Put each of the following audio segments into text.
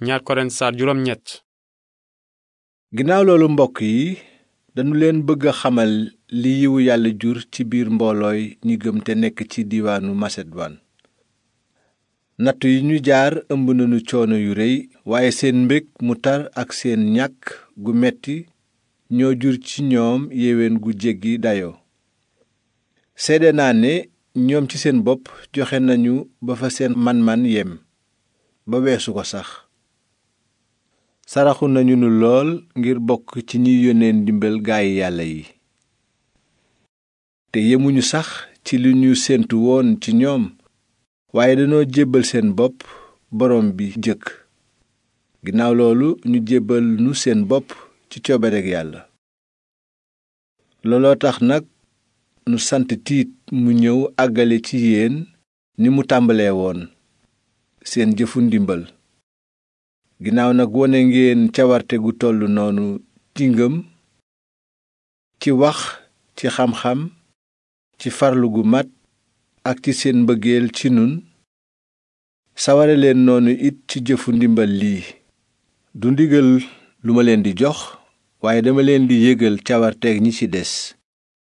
ñaar Korent ginnaaw loolu mbokk yi dañu leen bëgg xamal li yiwu yàlla jur ci biir mboolooy ñi te nekk ci diwaanu Maseduwaan natt yi ñu jaar ëmb nañu coono yu rëy waaye seen mbég mu tar ak seen ñàkk gu metti ñoo jur ci ñoom yéwén gu jéggi dayoo seede naa ne ñoom ci seen bopp joxe nañu ba fa seen man-man yem ba weesu ko sax saraxu nañu nu lool ngir bokk ci ñi yónnee ndimbal gaay yàlla yi te yemuñu sax ci li ñu séentu woon ci ñoom waaye dañoo jébbal seen bopp boroom bi jëkk ginnaaw loolu ñu jébbal nu seen bopp ci coobareg yàlla looloo tax nag nu sant tiit mu ñëw àggale ci yéen ni mu tàmbalee woon seen jëfu ndimbal ginnaaw nag wone ngeen cawarte gu tollu noonu ci ngëm ci wax ci xam-xam ci farlu gu mat ak ci seen mbëggeel ci nun saware leen noonu it ci jëfu ndimbal lii du ndigal lu ma leen di jox waaye dama leen di yëgal cawarteeg ñi ci des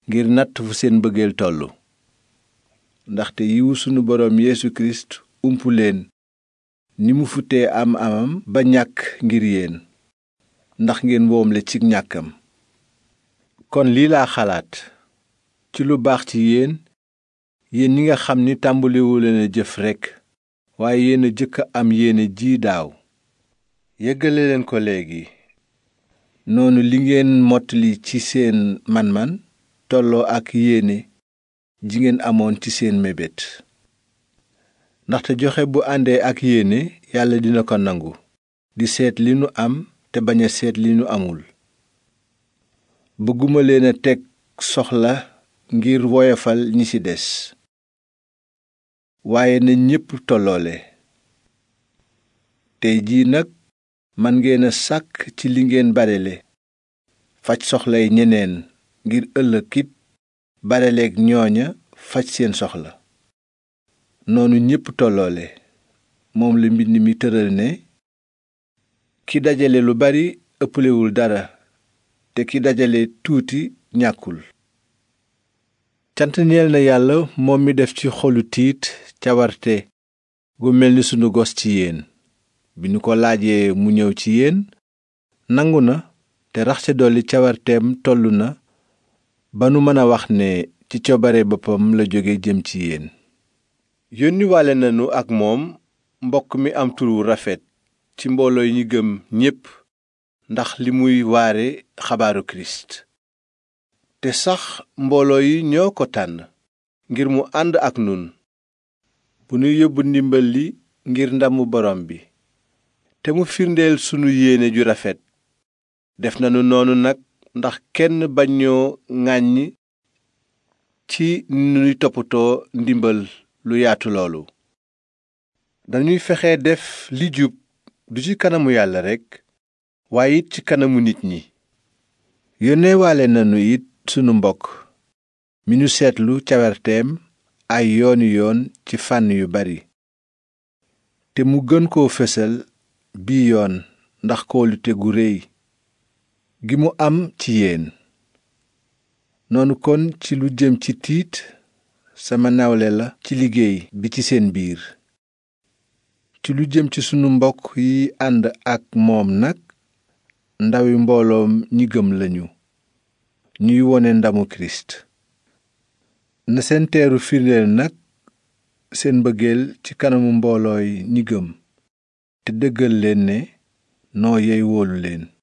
ngir natt fu seen bëggeel tollu ndaxte yiwu sunu boroom yéesu Kirist umpu leen ni mu futtee am amam ba ñàkk ngir yéen ndax ngeen woomle ci ñàkkam kon lii laa xalaat ci lu baax ci yéen yéen ñi nga xam ni tàmbaliwu leen jëf rekk waaye yéen a jëkk am yéene ji daaw yëggale leen ko léegi noonu li ngeen mottali ci seen man-man tolloo ak yéene ji ngeen amoon ci seen mébét ndaxte joxe bu àndee ak yéene yàlla dina ko nangu di seet li nu am te bañ a seet li nu amul bëgguma leen a teg soxla ngir woyofal ñi ci des waaye na ñépp tolloole tey jii nag man ngeen a sàkk ci li ngeen barele faj soxlay ñeneen ngir ëllëg it bareleeg ñooña faj seen soxla noonu ñépp tolloole moom la mbind mi tëral ne ki dajale lu bari ëpplewul dara te ki dajale tuuti ñàkkul cant ñeel na yàlla moom mi def ci xolu tiit cawarte gu mel ni sunu gos ci yéen bi ñu ko laajee mu ñëw ci yéen nangu na te rax ca dolli cawarteem tollu na ba nu mën a wax ne ci coobare boppam la jóge jëm ci yéen yónniwaale nanu ak moom mbokk mi am tur wu rafet ci mbooloo yi ñu gëm ñépp ndax li muy waare xabaaru kirist te sax mbooloo yi ñoo ko tànn ngir mu ànd ak nun bu ñu yóbbu ndimbal li ngir ndamu borom bi te mu firndeel sunu yéene ju rafet def nanu noonu nag ndax kenn bañ bañoo ŋàññ ci nuy toppatoo ndimbal lu yaatu dañuy fexe def li jub du ci kanamu yàlla rekk waaye it ci kanamu nit ñi yónneewaale nanu it sunu mbokk mi ñu seetlu cawerteem ay yoon yoon ci fànn yu bari te mu gën koo fësal bii yoon ndax kóolute gu réy gi mu am ci yéen noonu kon ci lu jëm ci tiit sama nawle la ci liggéey bi ci seen biir ci lu jëm ci sunu mbokk yi ànd ak moom nag ndawi mbooloom ñi gëm lañu ñuy wone ndamu kirist na seen teeru firndeel nag seen mbëggeel ci kanamu mboolooy ñi gëm te dëggal leen ne noo yey wóolu leen